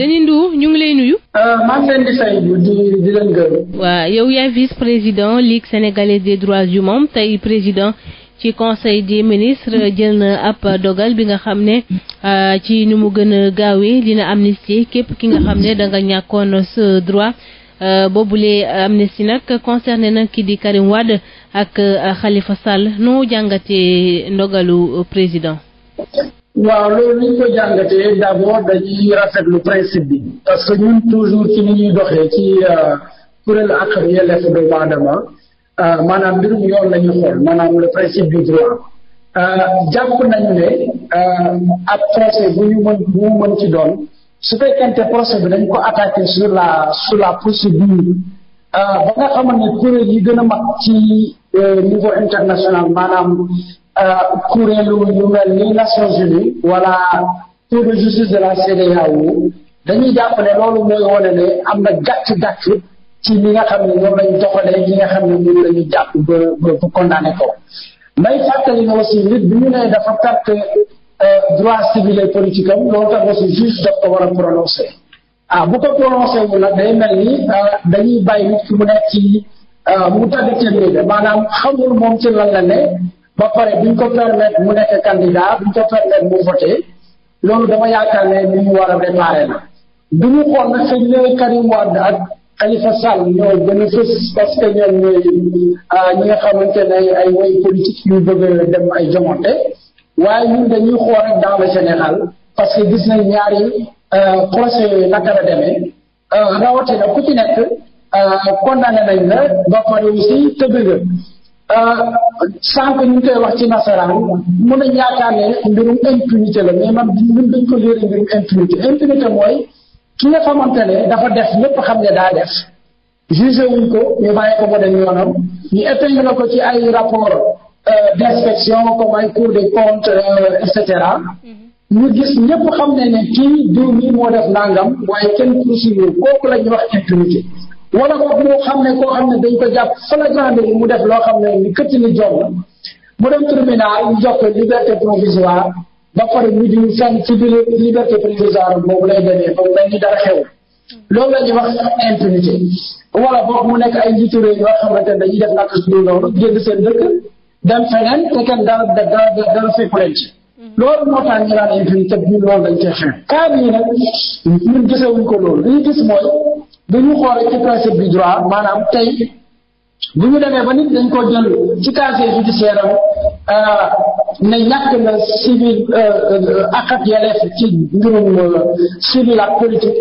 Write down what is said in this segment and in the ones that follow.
Denis Ndour ñu ngi lay nuyu. Ah, waa yow yaay vice président Ligue sénégalaise des droits moom tey président ci conseil des ministres mm. jël na ab dogal bi nga xam ne ah, ci ni mu gën a gaawee dina amnistie képp ki nga xam ne da nga ñàkkoon ce droit. Ah, boobule amnistie nag concerné na ki di Karim Wade ak xalifa Sall noo jàngatee ndogalu président. waaw loolu ni ñu ko jàngatee d'abord dañuy rafetlu principe bi parce que ñun toujours ci ni ñuy doxee ci euh, kuréel ak ak yelleef doomu aadama euh, maanaam mbirum yoon la ñu xool maanaam le principe du droit euh, jàpp nañu ne ab procès bu ñu mën bu mu mën ci doon su fekkente procès bi dañ ko attaqué sur la sur la procédure ba nga xamante ne kuréel yi gën a mag ci niveau international maanaam Euh, kuréelu yu mel ni Nations Unies wala Cour de justice de la CEDEAO dañuy jàpp ne loolu mooy wane ne am na gàcc-gàcc ci ñi nga xam ne ñoom lañ doxalee ñi nga xam ne moom la ñu jàpp ba ba condamné ko may fàttali ne aussi nit bi ñu ne dafa perte euh, droit civil et politique am loolu tax aussi juge daf war a prononcé ah, bu ko prononcé wu nag day mel ni euh, dañuy bàyyi nit ki mu nekk ci mu tàggatoo maanaam xamul moom ci lan la ne. ba pare buñ ko permettre mu nekk candidat buñ ko permettre mu voté loolu dama yaakaar ne li ñu war a réparé na du ñu xool nag xëy na Karim Wade ak Khalifa Sall ñoo gën a fës ah, nga xamante ne ay way ay jomonte waaye ñun parce que gis nañ ñaari euh, procès yooyu naka euh, euh, la ba pare aussi tëdd Euh, sànq ñu ngi koy wax ci nasaraan mën a yaakaar ne mbirum impunité la mais man ñun dañ ko léeri mbirum impunité impunité mooy ki nga xamante ne dafa def lépp xam ne daa def jugé wuñ ko ñu bàyyi ko dem yoonam ñu épingle ko ci ay rapport euh, d' inspection comme ay cour des comptes euh, et mm-hmm. ñu gis ñëpp xam ne ne kii diw mi moo def nangam waaye kenn poursuivre kooku la wax impunité wala boog moo xam ne koo xam ne dañ ko jàpp flagrant délit mu def loo xam ne ni këtt ni jom la mu dem tribunal ñu jox ko liberté provisoire ba pare ñu di fenn ci biir liberté provisoire boobu lay demee ba mel ni dara xew loolu la ñuy wax impunité wala boog mu nekk ay njiitu réew yoo xamante ne dañuy def naka suñu loolu génn seen dëkk dem feneen te kenn dara dara dara fekku leen ci loolu moo tax ñu naan infinité bi loolu dañ koy xeex cas bii nag ñun gisewuñ ko loolu li gis mooy dañu xool ci principe du droit maanaam tey bu ñu demee ba nit dañ ko jël ci casier judiciaire am euh, ne ñàkk na civil euh, ak ak yelleef ci mbirum euh, civil ak politique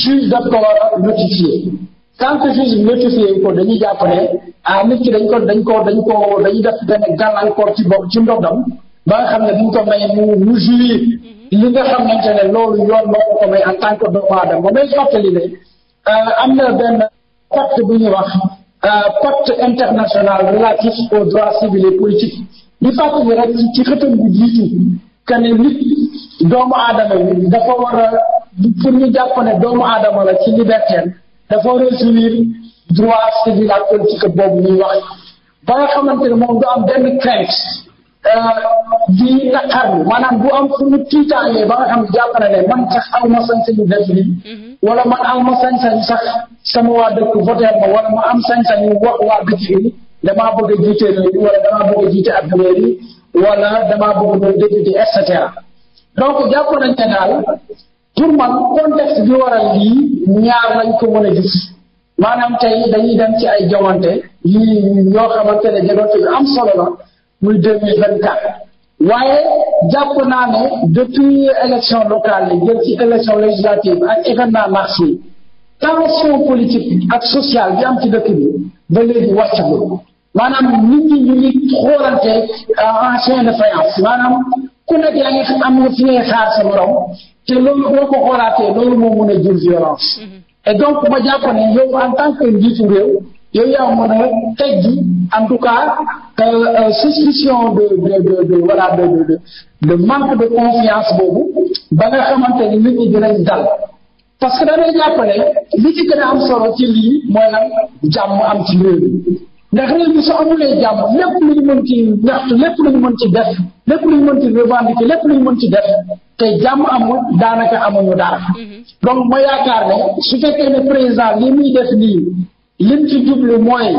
juge daf ko war a notifier tant que juge notifié ko dañu jàpp ne ah nit ki dañ ko dañ ko dañ ko dañuy def benn gàllankoor ci bopp ci ndodam ba nga xam ne bu ñu ko mayee mu mu jouir mhm. li nga xamante ne loolu yoon moo ko may en tant que doomu aadama may fàttali ne euh, am na benn pacte bu ñuy wax euh, pacte international relatif aux droits civils et politiques di fàttali rek ci xëtam bu jiitu que ne doomu aadama bi dafa war a pour ñu jàpp ne doomu aadama la ci liberté dafa war a jouir droit civil ak politique boobu ñuy wax ba moom du benn crainte di naqarlu maanaam bu am fu mu tiitaanee ba nga xam ne jàpp na ne man sax aw ma sañ-sañu def lii mm-hmm. wala man aw ma sañ-sañ sax sama waa dëkk voteel ma wala ma am sañ-sañu wax waa dëkk bi damaa bëgg a jiite réew wala damaa bëgg a jiite ab réew wala damaa bëgg donc jàpp nañ daal pour man contexte bi waral lii ñaar lañ ko mën a gis maanaam tey dañuy dem ci ay jomante yi yoo xamante ne jëloon am solo la. muy deux mille vingt quatre waaye jàpp naa ne depuis élection locale yi jëm ci élection législative ak événement mars yi tension politique ak sociale bi am ci dëkk bi ba léegi wàccagul maanaam nit ñi ñu ngi xoolante en chien de faïence maanaam ku nekk yaa ngi am nga fi ngay xaar sa ko a mm-hmm. njiitu réew yow yaa mën a teggi en tout cas euh, euh, suspicion de de de de voilà de manque de confiance boobu ba nga xamante ni nit ñi dinañ dal parce que damay jàpp ne li ci gën a am solo ci lii mooy lan jàmm am ci réew mi ndax réew mi su amulee jàmm lépp lu ñu mën ci ñaxtu lépp lu ñu mën ci def lépp lu ñu mën ci revendiquer lépp lu mën ci def te jàmm amul daanaka amuñu dara mm-hmm. donc ma yaakaar ne su fekkee ne président li muy def nii lim ci jublu mooy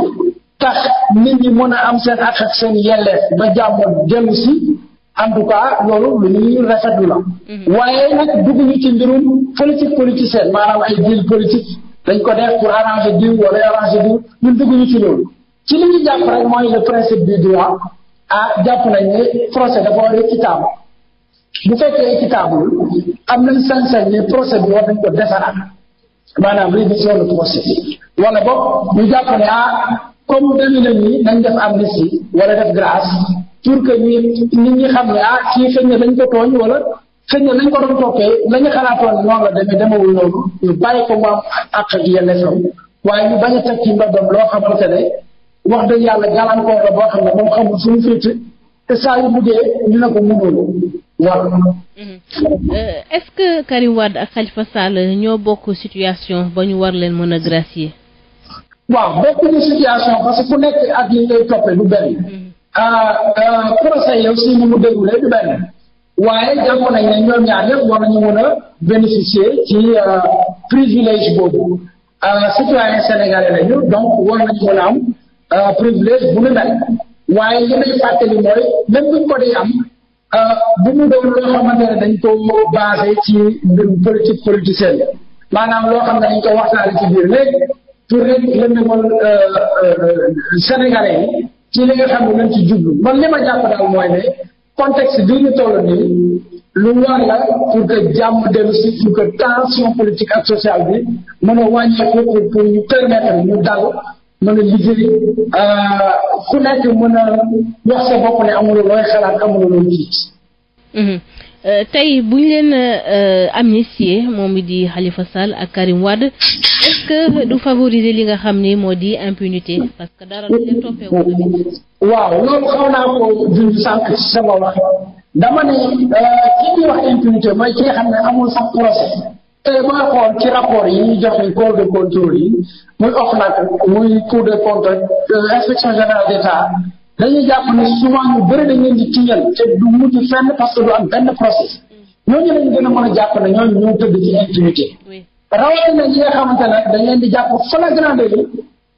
tax nit ñi mën a am seen ak ak seen yelleef ba jàmm dellu si en tout cas loolu lu ñuy rafetlu la. Mhm. waaye nag dugg ñu ci mbirum politique politicien maanaam ay deal politique dañ ko def pour arranger diw wala arranger ñu ci ci li ñu jàpp rek mooy le principe du droit ah, nañ ne procès dafa war bu fekkee équitable am nañ sañ-sañ ne procès bi war nañ ko defaraat comme dañu ne nii dañ def amnistie wala def grâce pour que ñi nit ñi xam ne ah kii xëy dañ ko tooñ wala xëy na nañ ko doon toppee lañu xalaatoon noonu la demee demewul noonu ñu bàyyi ko mu am àq ak yelleefam waaye ñu bañ a wax dëgg yàlla gàllankoor la boo xam ne moom xamul suñu féete te saa yu mujjee ñu ne ko mënoon waaw. Euh, est-ce que Karim Wade ak Khalifa Sall ñoo bokk situation ba ñu war leen mën a gracier. waaw bokkuñu situation parce que ku nekk ak li ngay toppee du benn mm-hmm. ah, ah, procès yow si ni mu déroulé du benn waaye jàpp nañ ñoom ñaar yëpp war nañu mën a bénéficier ci ah, privilège boobu citoyen sénégalais lañu donc war nañu mën a am privilège bu nu mel waaye li fàttali mooy même buñ ko di am bu mu doon loo xamante ne dañ ko basé ci mbirum politique politicienne maanaam loo xam ne dañ ko waxtaane ci biir léegi pour rek la ne woon euh, euh, yi ci li nga xam ci jublu man li ma jàpp daal mooy ne contexte bii ñu toll nii lu war la pour que jàmm dellu si pour que tension politique ak sociale bi mën a wàññeeku pour pour ñu permettre ñu dal mën a liggéey euh, ku nekk mën a wax sa bopp ne amuloo looy xalaat amuloo looy tiit mm-hmm. Euh, tey bu ñu leen euh, amnistier moom mi di Khalifa Sall ak Karim Wade est du favoriser li nga xam ni moo di impunité parce que dara du leen toppee waaw loolu xaw naa ko dund sànq ci sama wax dama ne euh, ki ñuy wax impunité mooy ki xam ne amul sax procès tey booy xool ci rapport yi de contrôle yi muy OFNAC muy dañuy jàpp ne souvent bëri dañ leen di tiñal te du mujj fenn parce que du am benn process ñooñu lañ gën a jàpp ne ñooñu ñoo tëdd ci intimité rawatina ñi nga xamante ne dañ leen di jàpp flagrant délit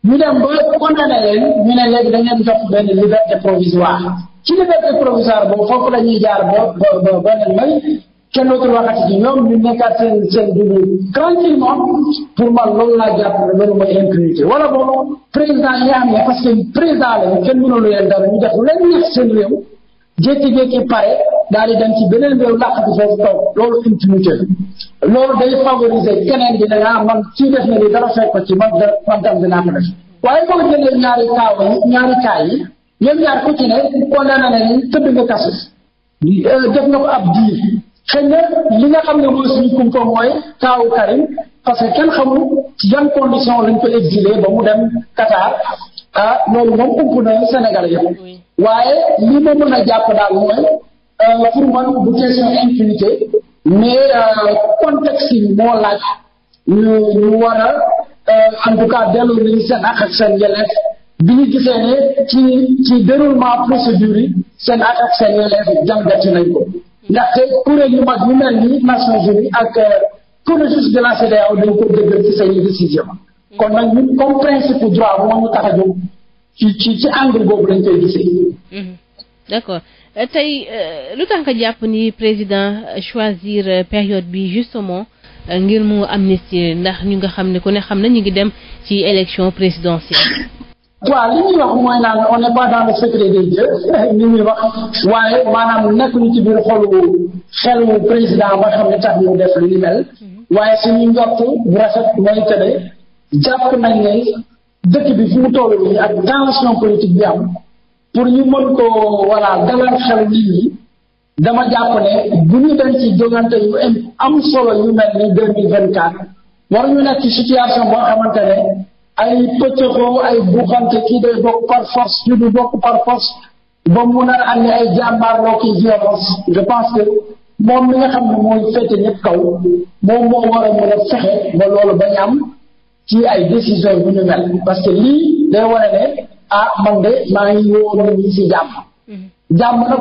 ñu dem ba condamné leen ñu ne léegi dañ leen jox benn liberté provisoire ci liberté provisoire boobu foofu la ñuy jaar ba ba ba leen may kenn dootul waxati ci ñoom ñu nekkaat seen seen dund tranquillement pour man loolu laa jàpp ne loolu mooy impunité wala boobu président yi parce que président lañu kenn mënalu leen dara ñu def leen neex seen di dem ci beneen réew làq bi foofu toog loolu impunité loolu da ngaa ah, man ci def na dara fekk ko ci man da man tam dinaa ko def waaye boo jëlee ñaari kaaw ñaari kaay yi ñoom ñaar ku ci ne tëdd nga kasu def na ab diir xëy na li nga xam ne mooy suñu kumpa mooy taawu Karim parce que kenn xamul ci yan condition lañ ko exilé ba mu dem Qatar ah loolu moom ump na Sénégalais yëpp waaye li ma mën a jàpp daal mooy euh, pour bu question impunité mais euh, contexte yi moo laaj ñu ñu war a euh, en tout cas delloo nañu seen ak ak seen yelleef bi ñu gisee ne ci ci déroulement procédure yi seen ak ak seen yelleef jàngati nañ ko ndaxte kuréel yu mag yu mel ni Nations Unies ak cour de justice de la CEDEAO dañ ko dëggal ci say décision kon nag ñun comme principe droit moo ñu tax a ci angle boobu lañ koy gisee. Mhm. d'accord euh, tey euh, lu tax nga jàpp ni président choisir euh, période bi justement ngir mu amnistie ndax ñu nga xam ne ku ne xam na ñu ngi dem ci élection présidentielle. waa li ñuy wax mooy naan on n'est pas dans le secret des wax waaye maanaam nekkuñu ci biir xolu xelu président ba xam ne tax ñu def lu ni mel waaye suñu njort bu rafet mooy que jàpp ne bi fu mu toll nii ak ñu mën ko voilà dalal xel nit ñi dama jàpp ne bu ñu dem ci jogante yu am solo yu mel ni deux mille vingt quatre war ñu nekk ci situation boo xamante ay pëccëxoo ay buuxante kii day bokk par force kii du bokk par force ba mu nar a andi ay jàmbaar loo kii violence je pense que moom mi nga xam ne mooy féete ñëpp kaw a mën a am ci ay décision bu ñu mel parce que lii day wane ne ah man jàmm mm-hmm. jàmm nag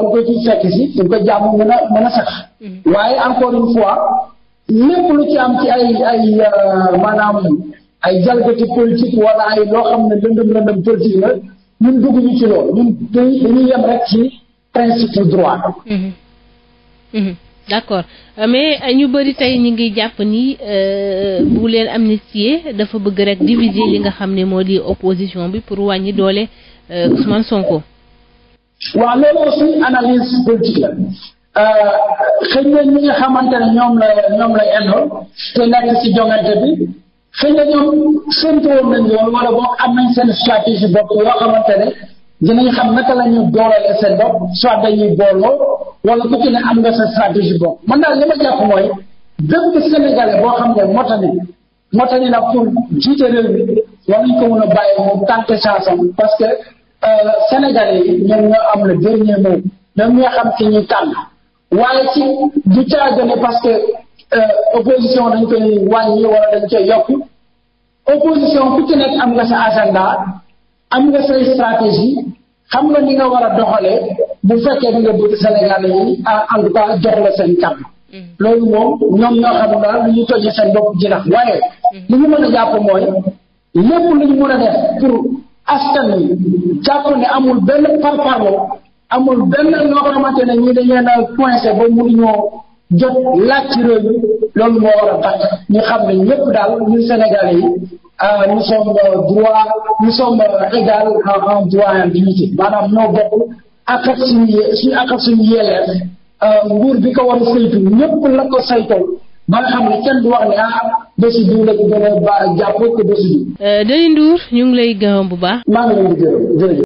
ku koy ci fekk si da ko jàmm mën a mën a sax mm-hmm. waaye encore une fois lépp lu ci am ci ay ay euh, maanaam ay jalgati politique wala ay loo xam ne lëndëm lëndëm politique la ñun dugguñu ci loolu ñun dañuy dañuy yem rek ci principe du droit. Mhm. Mhm. mais euh, ñu bëri tey ñu ngi jàpp ni euh, bu leen amnistier dafa bëgg rek diviser li nga xam ne moo di opposition bi pour wàññi doole euh, man Sonko. waaw loolu aussi analyse politique la. xëy na ñi nga xamante ne ñoom la ñoom la indoon te nekk ci joŋante bi. xëy na ñoom séntu nañ loolu wala boog am nañ seen stratégie bopp yoo xamante ne dinañ xam naka la ñuy seen bopp soit dañuy booloo wala ku ne am nga sa stratégie bopp man daal li ma jàpp mooy bépp Sénégalais boo xam ne motani motani na pour jiite réew mi war nañ ko mën a bàyyi mu tenter chance am parce que euh, Sénégalais yi ñoom ñoo am le dernier mot ñoom ñoo xam ci ñuy tànn waaye ci du caagane parce que. Euh, opposition dañ koy wàññi wala dañ koy yokk opposition ku nekk am nga sa agenda am nga say stratégie xam nga ni nga war a doxalee bu fekkee ni nga bëgg Sénégalais yi ah, en tout cas jox la seen kàddu mm. loolu moom ñoom ñoo xam daal lu ñu tojee seen bopp jinax waaye mm. li ñu mën a jàpp mooy lépp lu ñu mën a def pour askan wi jàpp ne amul benn parparlo amul benn loo xamante ne ñi dañu leen a coincé ba mënuñoo jot laaj ci réew mi loolu moo war a tax ñu xam ne ñëpp daal ñu Sénégalais yi ah droit nous euh, euh, égal en en droit et en dignité maanaam ñoo bokk ak ak suñu suñu euh, nguur bi ko war a saytu la ko saytoo ba nga xam ne kenn du wax ne ah bési diw la ko jàpp ko bési diw. Doy Ndour ñu ngi lay gërëm bu baax. maa